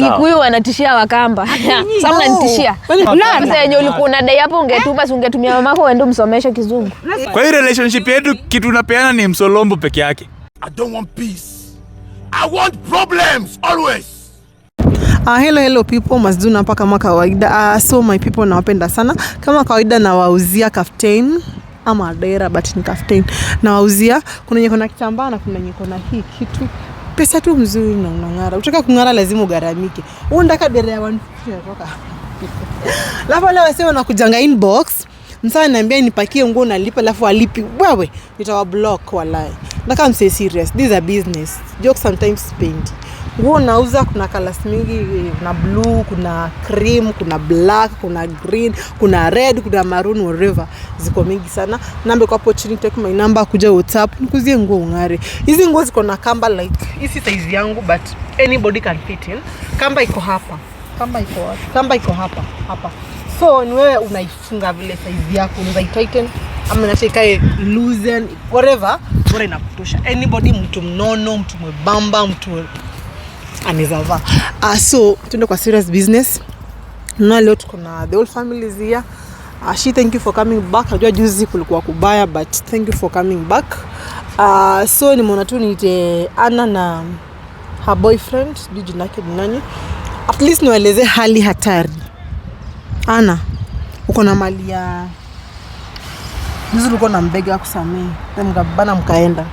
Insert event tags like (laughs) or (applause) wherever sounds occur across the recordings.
Wakikuyu wanatishia Wakamba. (laughs) Sasa mnanitishia. Sasa yenye ulikuwa unadai hapo ungetuma, si ungetumia mamako uende msomeshe Kizungu. Kwa hiyo relationship yetu kitu tunapeana ni msolombo peke yake. I don't want peace. I want problems always. Uh, hello hello people Mazduna hapa kama kawaida. Uh, so my people nawapenda sana kama kawaida, nawauzia kaftain ama dera but ni kaftain nawauzia. Kuna nyeko na kitambaa na kuna nyeko na hii kitu pesa tu mzuri na unang'ara. Utaka kung'ara lazima ugaramike. Unataka dera ya 150 inatoka. Lafu (laughs) wale wasema wanakujanga inbox, msaa naambia nipakie nguo nalipa lafu alipi. Wewe block walai. Nataka mse serious. This is a business. joke sometimes spendi nguo nauza, kuna colors mingi, kuna blue, kuna cream, kuna black, kuna green, kuna red, kuna maroon, whatever, ziko mingi sana. Namba kwa hapo chini, take my number, kuja WhatsApp nikuzie nguo ung'are. Hizi nguo ziko na kamba like hizi, size yangu, but anybody can fit in. Kamba iko hapa, kamba iko hapa, kamba iko hapa hapa, so ni wewe unaifunga vile size yako, unaweza tighten ama nacha ikae loosen, whatever, bora inakutosha. Anybody, mtu mnono, mtu mwebamba, mtu anaweza vaa. Uh, so tuende kwa serious business. Na leo tuko na the whole family is here. Uh, she thank you for coming back. Najua juzi kulikuwa kubaya but thank you for coming back. Uh, so nimeona tu niite Anna na her boyfriend, jina lake ni nani? At least niwaeleze hali hatari. Anna, uko na mali ya juzi ulikuwa na mbega akusamehe, mkabana mkaenda.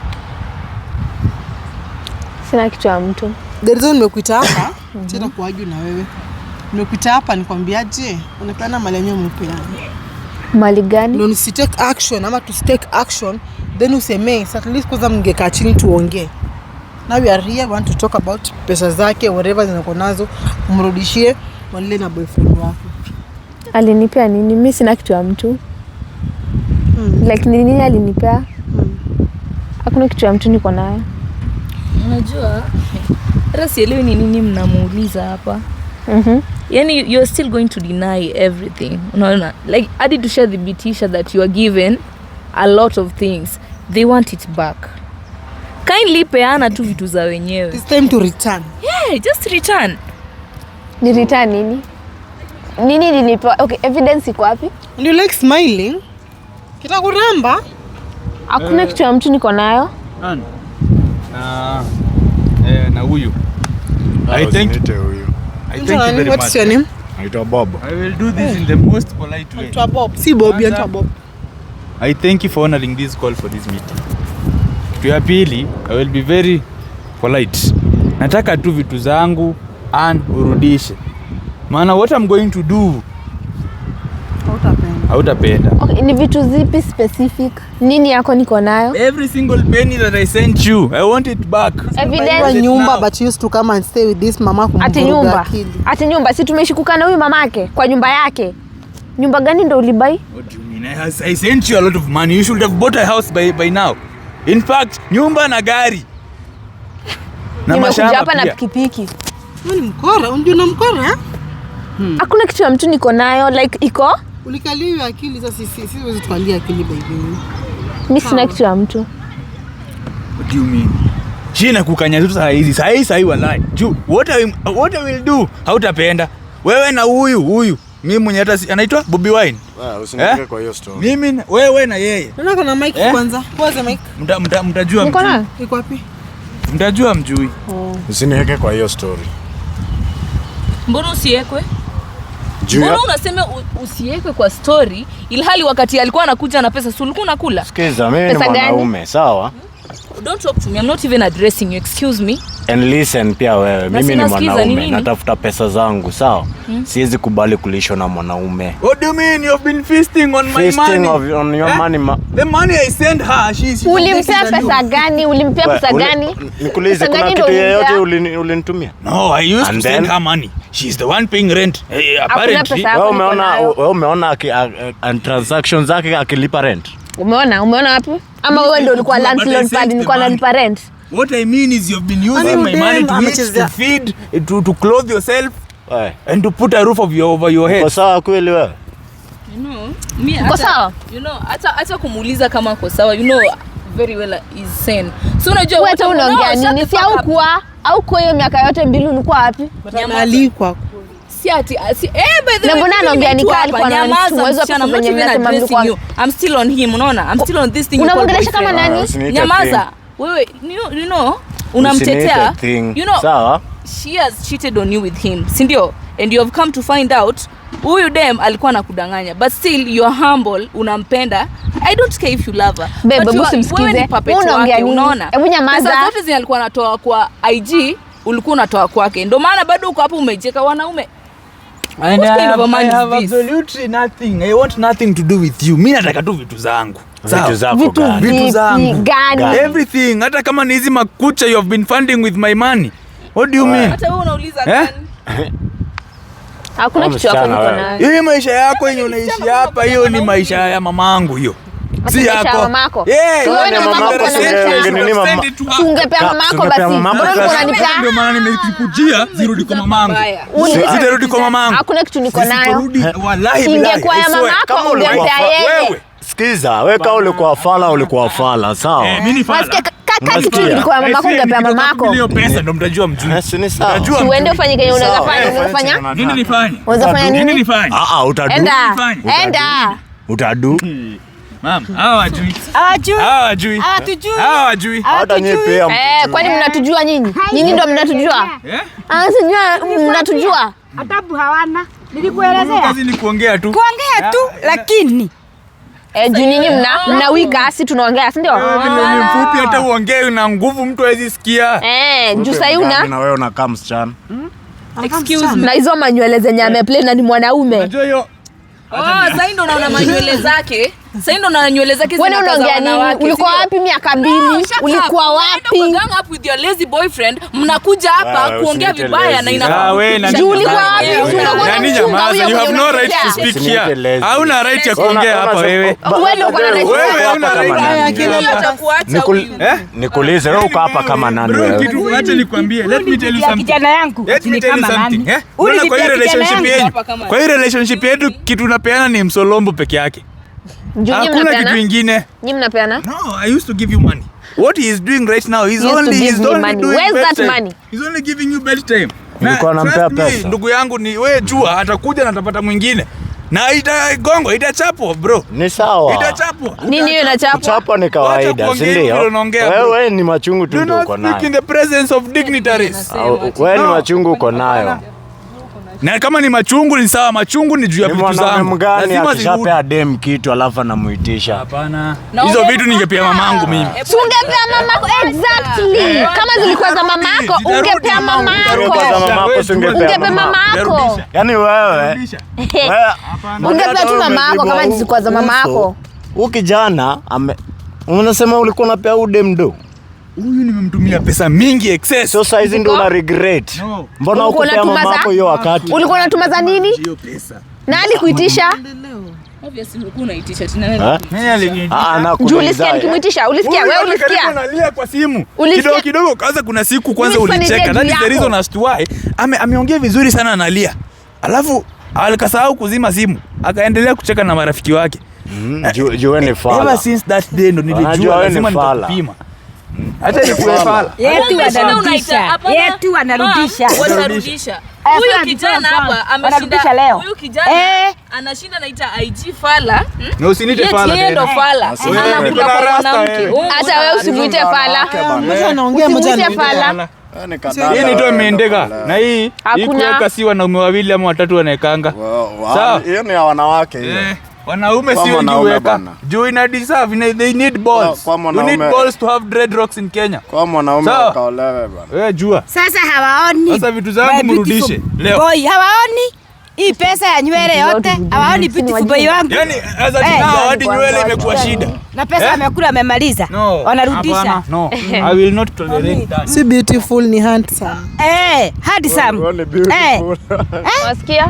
Sina kitu ya mtu Derizo, nimekuita hapa tena kuaju na wewe. Nimekuita hapa nikwambiaje, unapeana mali yenyewe umepeana. Mali gani? Ndio nisi take action ama tusi take action then useme at least kwanza mngekaa chini tuongee. Now we are here want to talk about pesa zake whatever zinako nazo umrudishie wale na boyfriend wako. Alinipea nini? Mimi sina kitu ya mtu. Mm. Like nini alinipea? Mm. Hakuna kitu ya mtu niko nayo. Unajua hata sielewi ni nini mnamuuliza hapa. Mhm. Yani, you're still going to deny everything. Unaona, like hadi tushadhibitisha that you are given a lot of things, they want it back. Kindly peana tu vitu za wenyewe. It's time to return. Yeah, just return. Ni return nini? Nini nilipewa? Okay, evidence iko wapi? And you like smiling? Kitakuramba? Hakuna kitu ya mtu niko nayo. Nani? na eh, na huyu ah, I thank you. I thank you very much. What's your name? Naitwa Bob. I will do this in the eh. most polite way. Naitwa Bob. Si Bob, naitwa Bob. I thank you for honoring this call for this meeting. Kitu ya pili, I will be very polite. Nataka tu vitu zangu an urudishe. Maana what I'm going to do hautapenda. Okay, ni vitu zipi specific? Nini yako niko nayo? Every single penny that I sent you, I want it back. Evidence nyumba but you used to come and stay with this mama kumvuruga akili. Ati nyumba. Ati nyumba si tumeshikukana na huyu mamake kwa nyumba yake. Nyumba gani ndo ulibai? What do you mean? I sent you a lot of money. You should have bought a house by, by now. In fact, nyumba na gari na mashamba hapa na pikipiki. Wewe ni mkora, unajua na mkora? Eh? Hmm. Hakuna kitu ya mtu niko nayo like iko ulikaliwa akili za sisi sisi wewe utwalia akili baby. Mimi sina kitu ya mtu. What do you mean? Jina kukanya tu saa hizi. Saa hii saa hii wallahi. Juu what I what I will do? Hautapenda. Wewe na huyu huyu. Mimi mwenye hata anaitwa Bobby Wine. Wow, ah, usiniweke eh? kwa hiyo story. Mimi wewe na yeye. Nani kuna mic eh? kwanza? Kwanza mic. Mta mta mtajua mjui. Niko na? Iko wapi? Mtajua mjui. Oh. Usiniweke kwa hiyo story. Mbona usiwekwe? Mbona unasema usiwekwe kwa story ilhali wakati alikuwa anakuja na pesa, si ulikuwa unakula? Sikiza, mimi ni mwanaume sawa. Don't talk to me. I'm not even addressing you. Excuse me. And listen pia wewe, mimi ni mwanaume natafuta pesa zangu sawa, hmm? Siwezi kubali kulishwa na mwanaume. What do you mean you've been feasting on my money? Of, on your eh? money ma The money I send her, she is Ulimpea pesa gani? Ulimpea pesa gani? Nikuulize kuna kitu yoyote ulinitumia? No, I used And to send her money. She is the one paying rent. Hey, eh, eh, apparently. Wewe umeona wewe umeona and transactions zake akilipa rent? Umeona? Umeona wapi? Ama wewe ndio ulikuwa landlord pale nilikuwa nalipa rent? What I mean is you've been using my money to eat, to feed, to, to clothe yourself Aye. and to put a roof of your, over your head. Uko sawa kweli wewe? You know, mimi sawa? You know, hata hata kumuuliza kama uko sawa, you know very well is sane. So unajua wewe hata unaongea nini? Si au kwa au kwa hiyo miaka yote mbili ulikuwa wapi? Naalikwa. Si ati ah, si eh by the way. Na mbona anaongea ni kali kwa nani? Uwezo hapa kwenye mimi na I'm still on him, unaona? I'm still on this thing. Unamwongelesha kama nani? Ah, nyamaza wewe you, you know unamtetea you know, sawa. She has cheated on you with him, si ndio? And you have come to find out huyu dem alikuwa kudanganya but still you are humble, unampenda. I don't care if you love her, but wewe puppet Unaona natoa kwa IG, ulikuwa unatoa kwake, ndio maana bado uko hapo umejeka wanaume And what kind of a man is this? absolutely nothing. I want nothing to do with you. nataka tu vitu zangu. Vitu zangu. Everything. Hata kama ni hizi makucha you have been funding with my money. What do you mean? Hata wewe unauliza eh? gani? (laughs) Hakuna kitu hapo niko nayo. Hii maisha yako yenye unaishi hapa hiyo ni maisha ya mamangu hiyo si yako. Tungepewa Sikiza, wewe kama ulikuwa fala ulikuwa fala, sawa? Utadu. Eh, kwani mnatujua nyinyi? Nyinyi ndo mnatujua, eh? ah, mnatujua adabu hawana. Nilikuelezea kazi ni kuongea tu, kuongea tu, lakini Eh, juu nyinyi mna si tunaongea si ndio? Mfupi hata ah. uongee nguvu mtu hawezi sikia. Eh, juu sasa una na wewe msichana. Hmm? Excuse me. Na hizo manywele zenye eh. ameplay na ni mwanaume. Unajua hiyo. Oh, sasa unaona manywele zake. Sasa ndo na nywele zake zina kaza wanawake. Wewe unaongea nini? Ulikuwa wapi miaka mbili? Ulikuwa wapi? Hang up with your lazy boyfriend. Mnakuja hapa kuongea vibaya na ina. Ah, wewe na nini? ulikuwa wapi? nini jamaa? You have no right to speak here. Hauna right ya kuongea hapa wewe. Wewe ndio uko na wewe hauna right. Nikuulize wewe uko hapa kama nani wewe? Kitu acha nikwambie. Let me tell you something. Kijana yangu ni kama nani? Eh? Kwa hiyo relationship yenu. kwa hiyo relationship yetu kitu tunapeana ni msolombo peke yake. Ah, hakuna kitu kingine. Nyinyi mnapeana? No, I used to give you money. What he is doing right now he's only is only doing Where's that money? He's only giving you bed time. Nilikuwa nampea pesa. Ndugu yangu ni wewe jua atakuja na atapata mwingine. Na ita gongo ita chapo bro. Ni sawa. Ita chapo. Nini hiyo na Chapo ni kawaida, si ndio? Wewe ni machungu tu uko nayo. You speak in the presence of dignitaries. Wewe ni machungu uko nayo. Na kama ni machungu ni sawa, machungu ni juu ya vitu zangu. Lazima zishapea adem kitu alafu anamuitisha. Hapana. Hizo vitu ningepea mamangu mimi. ungepea mamako exactly. Eh, kama zilikuwa za mamako, ungepea mamako. Ungepea mamako. Yaani wewe. Ungepea tu mamako kama zilikuwa za mamako. Huyu kijana unasema ulikuwa unapea udem do? Huyu nimemtumia pesa mingi excess. So size ndio una regret. No. Mbona uko mama yako hiyo wakati? Ulikuwa unatuma za nini? Hiyo pesa. Nani kuitisha? Obviously ah, Ulisikia wewe ulisikia? kwa simu. Kidogo kidogo kuna siku kwanza ulicheka. the reason as to why? Ame ameongea vizuri sana analia. Alafu alikasahau kuzima simu. Akaendelea kucheka na marafiki wake. Mm, Ever since that day ndo nilijua lazima nitakupima. Hata ni kufala. Yetu anarudisha. Yetu anarudisha. Anarudisha. Eh, huyu kijana hapa ameshinda leo. Huyu kijana eh. anashinda naita IG fala. Hmm? Na usiniite fala. Yeye ndo fala. Hata wewe usimuite fala. Mbona anaongea mmoja Fala? Hii ni ndio imeendeka na hii hii kuweka si wanaume wawili ama watatu wanaekanga. Sawa. Hiyo ni ya wanawake hiyo. Eh. Wanaume sio juweka. Juu ina deserve, ina they need balls. Kwa, kwa you need balls to have dreadlocks in Kenya. Kwa mwanaume so, akaolewe bwana. Wewe jua. Sasa hawaoni. Sasa vitu zangu mrudishe leo. Boy hawaoni. Hii pesa ya nywele yote hawaoni beautiful boy wangu. Yaani as sasa eh. tunao hadi nywele imekuwa eh. shida. Na pesa eh? amekula amemaliza. Wanarudisha. No. (laughs) I will not tolerate that. Si beautiful ni handsome. Eh, handsome. (laughs) Eh. Unasikia?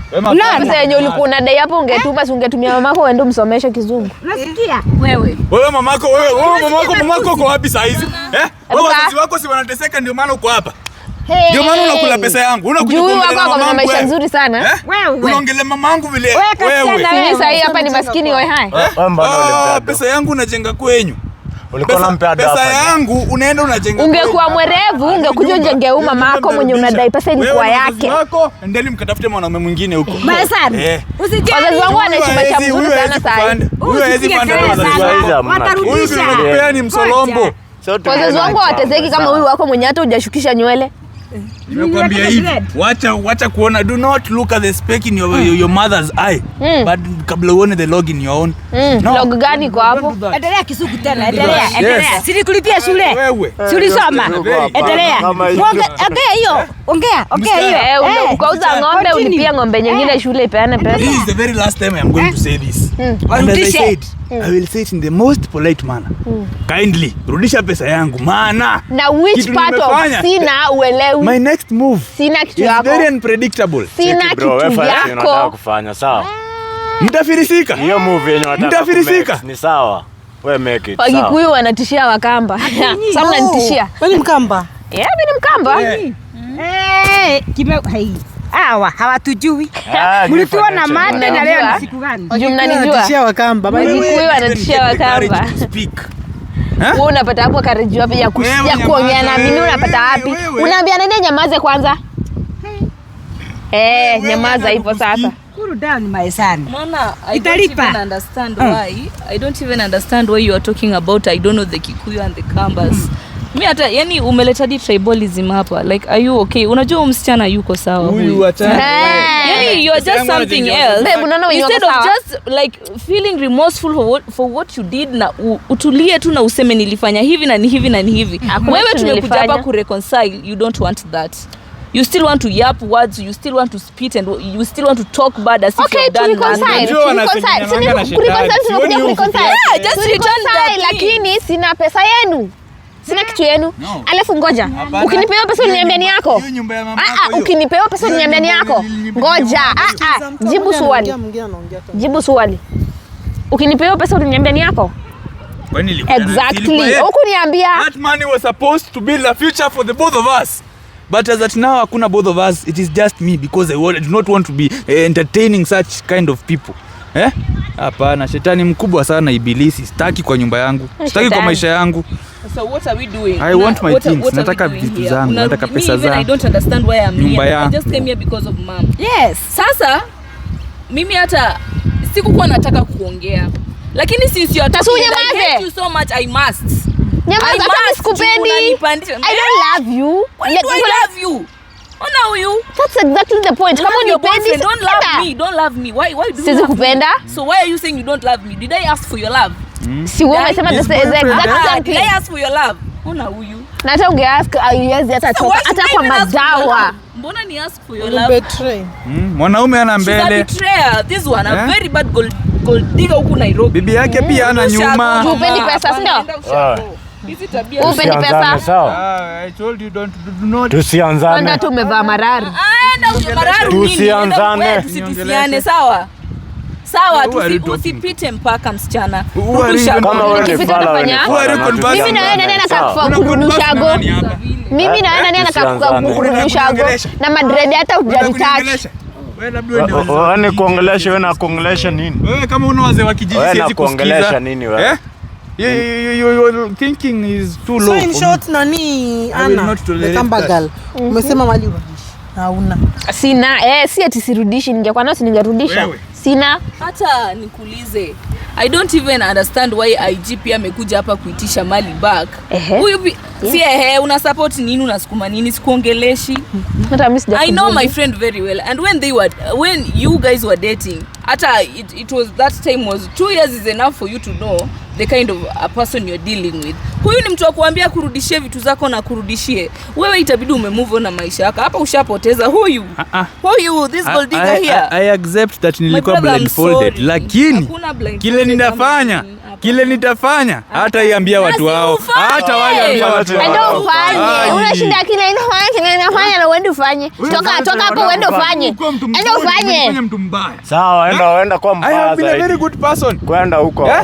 Pesa yenye ulikuwa unadai hapo ungetupa si ungetumia mamako wende msomeshe kizungu. Unasikia? Wewe. Wewe mamako wewe, wewe mamako mamako uko wapi saa hizi? Eh? Wewe wazazi wako si wanateseka ndio maana uko hapa. Ndio maana unakula pesa yangu. Una maisha nzuri sana. Eh? Unaongelea mama yangu vile wewe. Sasa hii hapa ni maskini wewe hai. Eh, ah, pesa yangu unajenga kwenyu. Pesa, pesa yangu unaenda unajenga. Ungekuwa mwerevu ungekuja huyu mama yako mwenye unadai pesa ni kwa yake. Endeni mkatafute mwanaume mwingine huko. Eh. Wazazi wangu wanaishi cha mzuri sana sasa panda hivi. Wazazi wangu hawateseki kama huyu wako mwenye hata hujashukisha nywele Nimekwambia hivi. Wacha wacha kuona. Do not look at the speck in your mm. your mother's eye. Mm. But kabla uone the log in your own. Mm. No. Log gani kwa hapo? Endelea Kisugu tena. Endelea. Endelea. Sili kulipia shule. Si soma. Endelea. Ongea hiyo. Ongea. Ongea hiyo. Eh, eh umekauza ng'ombe, ulipia ng'ombe nyingine eh. shule ipeane pesa. This is the very last time I am going to say this. Mm. And as I said, mm. I will say it in the most polite manner mm. Kindly rudisha pesa yangu, maana na which kitu part of sina uelewi. My next move sina kitu yako, very unpredictable, sina kitu yako kufanya. Sawa, ah. mtafirisika hiyo move yenyewe, mtafirisika ni sawa. We make it sawa. Wakikuyu wanatishia Wakamba ah, (laughs) sasa mnanitishia. Wewe oh, ni Mkamba? Yeah, mimi ni Mkamba. Hawa hawatujui. Ah, na mada na leo ni siku gani? Mnanijua. Wakamba. Mlikuwa anatishia Wakamba. Wewe unapata hapo courage wapi ya kusikia kuongea na mimi unapata wapi? Unaambia nani nyamaze kwanza? Eh, nyamaza hivyo sasa. Cool down my son. Mama, I don't even understand why. I don't even understand why you are talking about. I don't know the Kikuyu and the Kambas. Mm. Mimi hata yani umeleta di tribalism hapa. Like are you okay? Unajua msichana yuko sawa huyu. Eh. Yani you are just something else. Babe, unaona wewe Instead of just like feeling remorseful for what, for what you did na utulie tu na useme nilifanya hivi na ni hivi na ni hivi. Wewe tumekuja hapa ku reconcile, You don't want that. You still want to yap words, you still want to spit and you still want to talk bad as if okay, if you've done nothing. Just return that. Lakini sina pesa yenu. Sina kitu yenu. No. Alafu ngoja. Ukinipewa pesa uniambia ni yako. Ah, ah ukinipewa pesa uniambia ni yako. Ngoja. Ah ah, jibu swali. Jibu swali. Ukinipewa pesa uniambia ni yako. Exactly. niambia That money was supposed to build a future for the both of us. But as at now hakuna both of us. It is just me because I do not want to be eh, entertaining such kind of people. Eh? Hapana, shetani mkubwa sana Ibilisi. Sitaki kwa nyumba yangu. Sitaki kwa maisha yangu. So what are we doing? I want my what, things. What nataka vitu zangu, nataka pesa zangu. I don't understand why I'm here. I just came here because of mom. Yes. Sasa mimi hata sikukuwa nataka kuongea. Lakini since you are talking, I hate you so much, I must. Nyamaza, mimi sikupendi. I don't eh? love you. Why do I love you? Ona huyu. That's exactly the point. Come Kama unipendi, don't love me. Don't love me. Why why do you? Sizi So why are you saying you don't love me? Did I ask for your love? Si wewe umesema Na hata ungeask ah, hata toka hata kwa madawa. Mbona ni ask for your love? Hmm? Mwanaume ana mbele. This one a eh? very bad gold gold digger Nairobi. Bibi yake pia ana nyuma. Upendi ah, pesa ndio? Ah. Tusianzane. Tumevaa marari. Tusianzane. Sawa, usipite mpaka msichana. Mimi na wewe eh? na madredi hata hujaritouch. Wewe ni kuongelesha, wewe na kuongelesha nini? Wewe kama una wazee wa kijiji siwezi kuongelesha nini wewe? Eh? Mhm. Umesema mali sina, eh, si ati sirudishi. Ningekuwa nao ningerudisha. Sina. Hata nikuulize, I don't even understand why IG pia amekuja hapa kuitisha mali back. Huyu pia si ehe, una support nini, unasukuma nini, sikuongeleshi. Hata mimi sija. I know my friend very well and when they were when you guys were dating, hata it, it was that time was two years is enough for you to know the kind of a person you're dealing with. Huyu ni mtu wa kuambia kurudishie vitu zako na kurudishie wewe, itabidi ume move on na maisha yako. Hapa ushapoteza huyu Ah, ah. huyu, this gold digger here. I I, accept that nilikuwa blindfolded, lakini kile ninafanya kile nitafanya hata iambia watu wao, hata wale watu wao, ndio ufanye. unashinda kile inafanya kile inafanya, na uende ufanye, toka toka hapo, uende ufanye, ende ufanye. Sawa, enda enda kwa mbaya zaidi. I have been a very good person, kwenda huko eh?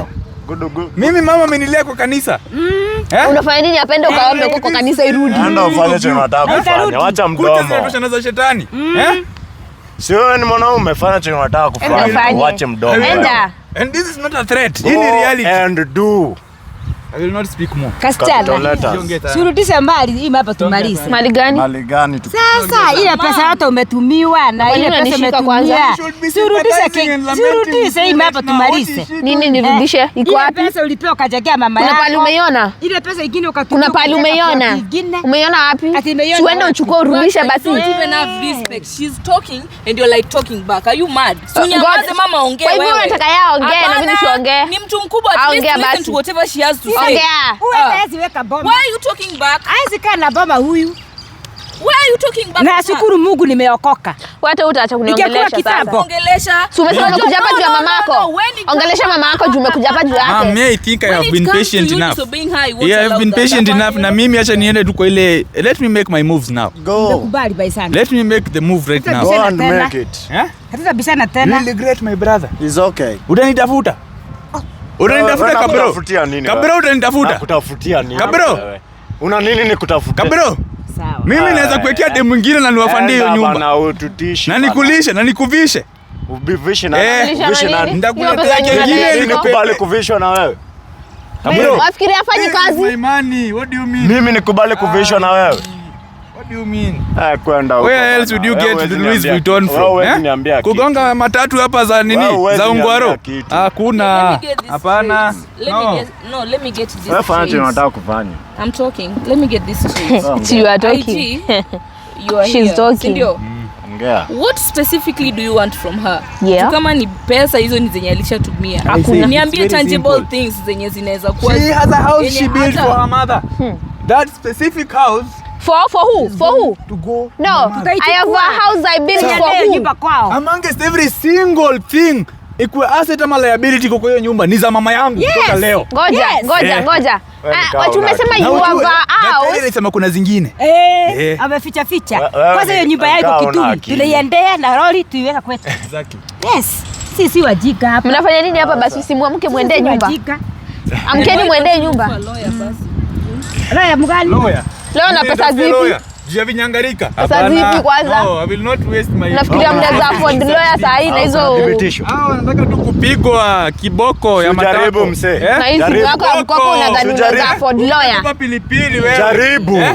Mimi mama amenilea kwa kanisa. Mm. Eh? Unafanya nini apende ukaombe huko kwa kanisa irudi? Ah, ndio ufanye chenye unataka kufanya. Acha mdomo. Kuta za shetani. Mm. Eh? Sio ni mwanaume fanya chenye unataka kufanya. Acha mdomo. Enda. And this is not a threat. Hii ni reality. And do. I will not speak more. Surudishe mbali hii hapa tumalize. Mali gani? Mali gani tu. Sasa ile pesa yote umetumiwa na ile pesa umetumia. Surudishe, surudishe hii hapa tumalize. Nini nirudishe? Eh, Iko wapi? Ile pesa ulipewa ukajegea mama yako. Kuna pale umeiona? Ile pesa nyingine ukatumia. Kuna pale umeiona? Umeiona wapi? Uende uchukue urudishe basi. She's talking and you're like talking back. Are you mad? Unyamaze mama, ongea wewe. Kwa hivyo unataka yeye na mimi nisiongee. Ni mtu mkubwa, at least listen to whatever she has to say. Ongea. Uh, Huwezi na boma huyu. Nashukuru Mungu nimeokoka. Wata utaacha kuniongelesha sasa. umesema umekuja hapa juu ya mamako. Ongelesha mama juu umekuja hapa juu yake. Ah, mama, I think I have been patient enough. Yeah, I have been patient enough na mimi acha niende tu kwa ile let me make my moves now. Go. Let me make the move right now. Go and make it. Eh? Hatutabishana tena. You regret my brother. It's okay. Utanitafuta. Unanitafuta Kabro? Kabro utanitafuta? Kutafutia nini? Kabro. Una nini Kabro. Sawa. Mimi ah, naweza kuwekea eh, demu mwingine na niwafandie eh, hiyo nyumba. Na nikulishe, na nikuvishe. Ubivishe na na nitakuletea nikubali kuvishwa na wewe. Kabro. afanye eh, kazi? Mimi nikubali kuvishwa na wewe. Ah, eh? kugonga matatu hapa za nini za Ungwaro? Hakuna, hapana. What specifically do you want from her? Yeah. Kama ni pesa hizo ni zenye alishatumia. Niambie tangible things zenye zinaweza kuwa. She has a house she built for her mother. Hmm. That specific house For for who? For who? To go. No. I have a house I built for who? Amongst every single thing ikuwe asset ama liability kwa hiyo nyumba ni za mama yangu kutoka leo. Ngoja, ngoja, eh. ngoja. Ah, Tumesema you have a eh, house. Nilisema kuna zingine. Eh. eh. Ameficha ficha. Kwanza hiyo nyumba yako kitu. Tuliendea na lori tuiweka kwetu. Exactly. Yes. Sisi wajika hapa. Mnafanya nini hapa basi? Simuamke mwende nyumba. Amkeni mwende nyumba. Loya mgani? Loya. Leo na pesa zipi? Jia vinyangarika. Pesa zipi kwanza? No, I will not waste my. Nafikiria mnaza afford lawyer saa hii na hizo. Ah, nataka tu kupigwa kiboko ya matako. Eh? Jaribu mse. Na hizo zako mkopo unadhani unaweza afford lawyer? Jaribu. Eh?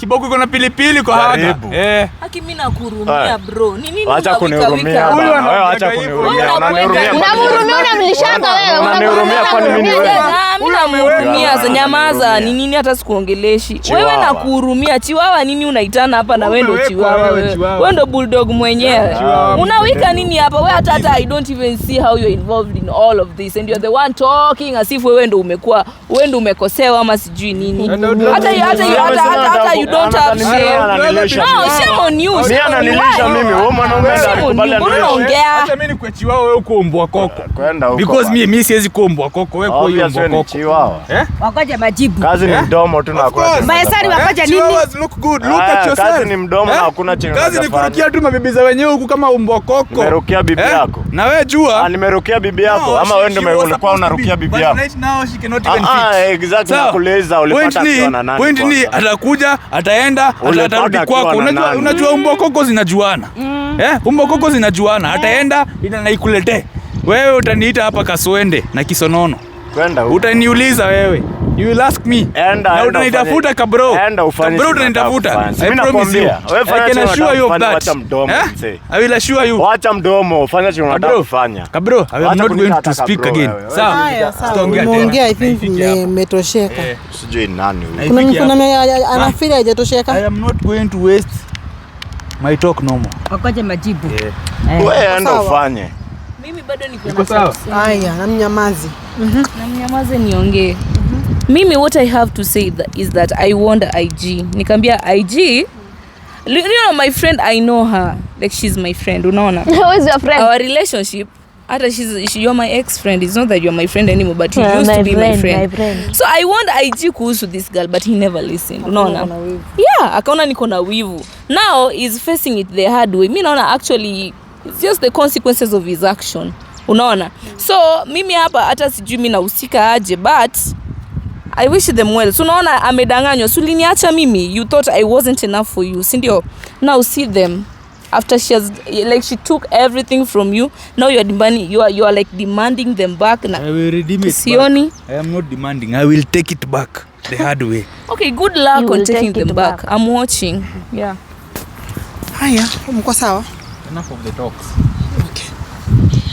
Kiboko kuna pilipili kwa haga. Eh. Haki mimi nakuhurumia bro. Ni nini kunihurumia? Huyu acha kunihurumia. wewe. kwa nini wewe? za nyamaza. Ni nini hata sikuongeleshi. Wewe nakuhurumia. Chiwawa nini unaitana hapa na wewe ndo chiwawa wewe. Wewe ndo bulldog mwenyewe. Unawika nini hapa? Wewe hata hata I don't even see how involved in all of this and the one talking as if wewe ndo umekuwa wewe ndo umekosewa ama sijui nini. Hata hata hata hata you don't have shame. No, shame on you. Mimi ananilisha mimi. Wewe mwanaume ndio alikubali anilishe. Unaongea. Hata mimi nikuachiwa wewe uko mbwa koko. Kwenda huko. Because mimi mimi siwezi kuwa mbwa koko. Wewe kwa hiyo mbwa koko. Eh? Wakoje majibu. Kazi ni eh? mdomo tu na hakuna. Maesari wakoje nini? Look good. Look at yourself. Kazi ni mdomo na eh? hakuna chenye. Kazi ni kurukia tu mabibi za wenyewe huku kama mbwa koko. Nimerukia bibi eh? yako. Na wewe jua. Ah, nimerukia bibi yako ama wewe ndio ulikuwa unarukia bibi yako. Right now she cannot even ah, ah, fit. Ah, exactly. Nakueleza ulipata kiona nani. Point ni atakuja ataenda atarudi kwako. Unajua, umbokoko zinajuana mm. eh, zinajuana, eh. ataenda ina naikulete wewe, utaniita hapa Kaswende na Kisonono Kwenda utaniuliza wewe. You will ask me. Enda, na utanitafuta kabro. Kabro utanitafuta. I promise you. I can assure you of that. Eh? I will assure you. Wacha mdomo, fanya chenye unataka kufanya. Kabro, I am not going to speak again. Sawa. Tutaongea tena. Muongea, I think nimetosheka. Eh, sijui nani huyu. Kuna mwenye anafikiri ah. hajatosheka. I am not going to waste my talk no more. Wakoje majibu. Eh. Eh. Wewe enda ufanye. Mimi bado niko sawa. Haya, na mnyamazi. Mhm. Na mnyamazi niongee. Mhm. Mimi what I have to say that is that I want IG. Nikaambia IG You know my friend I know her. Like she's my friend. Unaona? (laughs) Who is your friend? Our relationship hata she's she, you're my ex friend. It's not that you're my friend anymore but you yeah, used to be friend, my friend. My friend. So I want IG kuhusu this girl but he never listened. Unaona? Yeah, akaona niko na wivu. Now is facing it the hard way. Mimi naona actually It's just the consequences of his action. Unaona? So mimi hapa hata sijui mimi nahusika aje but I wish them well. So unaona amedanganywa. So uliniacha mimi. You thought I wasn't enough for you. Si ndio? Now see them. After she has like she took everything from you. Now you are demanding you are you are like demanding them back na. I will redeem it. Sioni. Back. I am not demanding. I will take it back the hard way. (laughs) Okay, good luck you on taking them back. back. I'm watching. Yeah. Haya, mko sawa? Enough of the talks. Okay.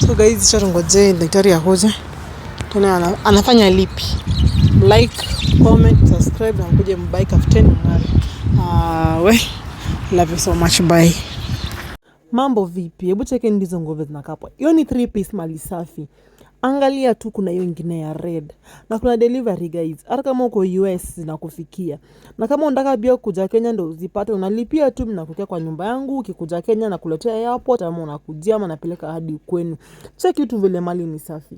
So guys, charongojee daktari akoje, tena anafanya lipi? Like, comment, subscribe na mkuje mbike after 10. Uh, ah, we love you so much bye. Mambo vipi? Hebu cheke ndizo nguo zinakaa hapo. Hiyo ni three piece mali safi angalia tu kuna hiyo ingine ya red na kuna delivery guys, hata kama uko US zinakufikia, na kama unataka bia kuja Kenya ndio uzipate, unalipia tu, mnakukia kwa nyumba yangu, ukikuja Kenya nakuletea airport, ama unakujia ama napeleka hadi kwenu. Cheki tu vile mali ni safi,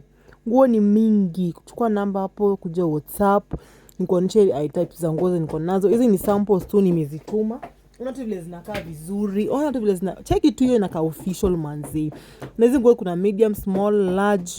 nguo ni mingi. Kuchukua namba hapo, kuja WhatsApp nikuonyeshe type za nguo niko nazo. Hizi ni samples tu nimezituma. Unaona tu vile zinakaa vizuri, unaona tu vile zina cheki tu, hiyo inakaa official manzi. Na hizi nguo kuna medium, small, large,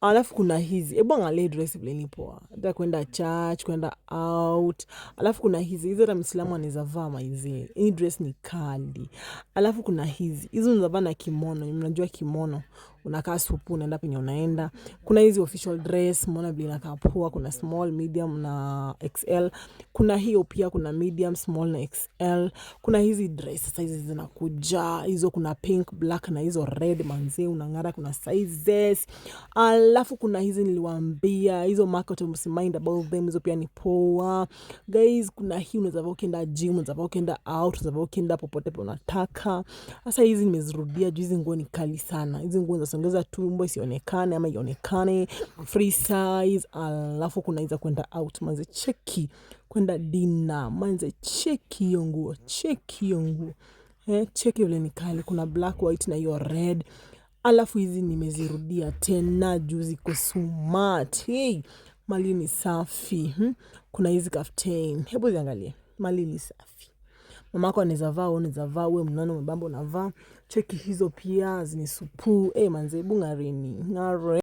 alafu kuna hizi. Hebu angalia dress vile ni poa, hata kwenda church, kwenda out. Alafu kuna hizi hizi, hata Muislamu anaweza vaa maizi, hii dress ni kali. Alafu kuna hizi hizi, unaweza vaa na kimono, mnajua kimono unakaa supu, unaenda penye unaenda. Kuna hizi official dress, umeona vile inakaa poa. Kuna small, medium na XL. Kuna hiyo pia, kuna medium, small na XL. Kuna hizi dress sasa, zinakuja hizo, kuna pink, black na hizo red, manzee unang'ara. Kuna sizes, alafu kuna hizi niliwaambia hizo market, mind about them, hizo pia ni poa guys. Kuna hii unaweza ukienda gym, unaweza ukienda out, unaweza ukienda popote unataka. Sasa hizi nimezirudia juu, hizi nguo ni kali sana, hizi nguo unasongeza tumbo isionekane ama ionekane free size, alafu kunaweza kwenda out manze, cheki kwenda dina manze, cheki hiyo nguo, cheki hiyo nguo eh, cheki vile ni kali, kuna black white na hiyo red alafu hizi nimezirudia tena juzi kwa smart. Hey, mali ni safi hmm. Kuna hizi kaftain, hebu ziangalie, mali ni safi. Mamako anaweza vaa, unaweza vaa, wewe mnono mwembamba unavaa Cheki hizo pia zinisupu supu. Eh manze, bunga Ngare.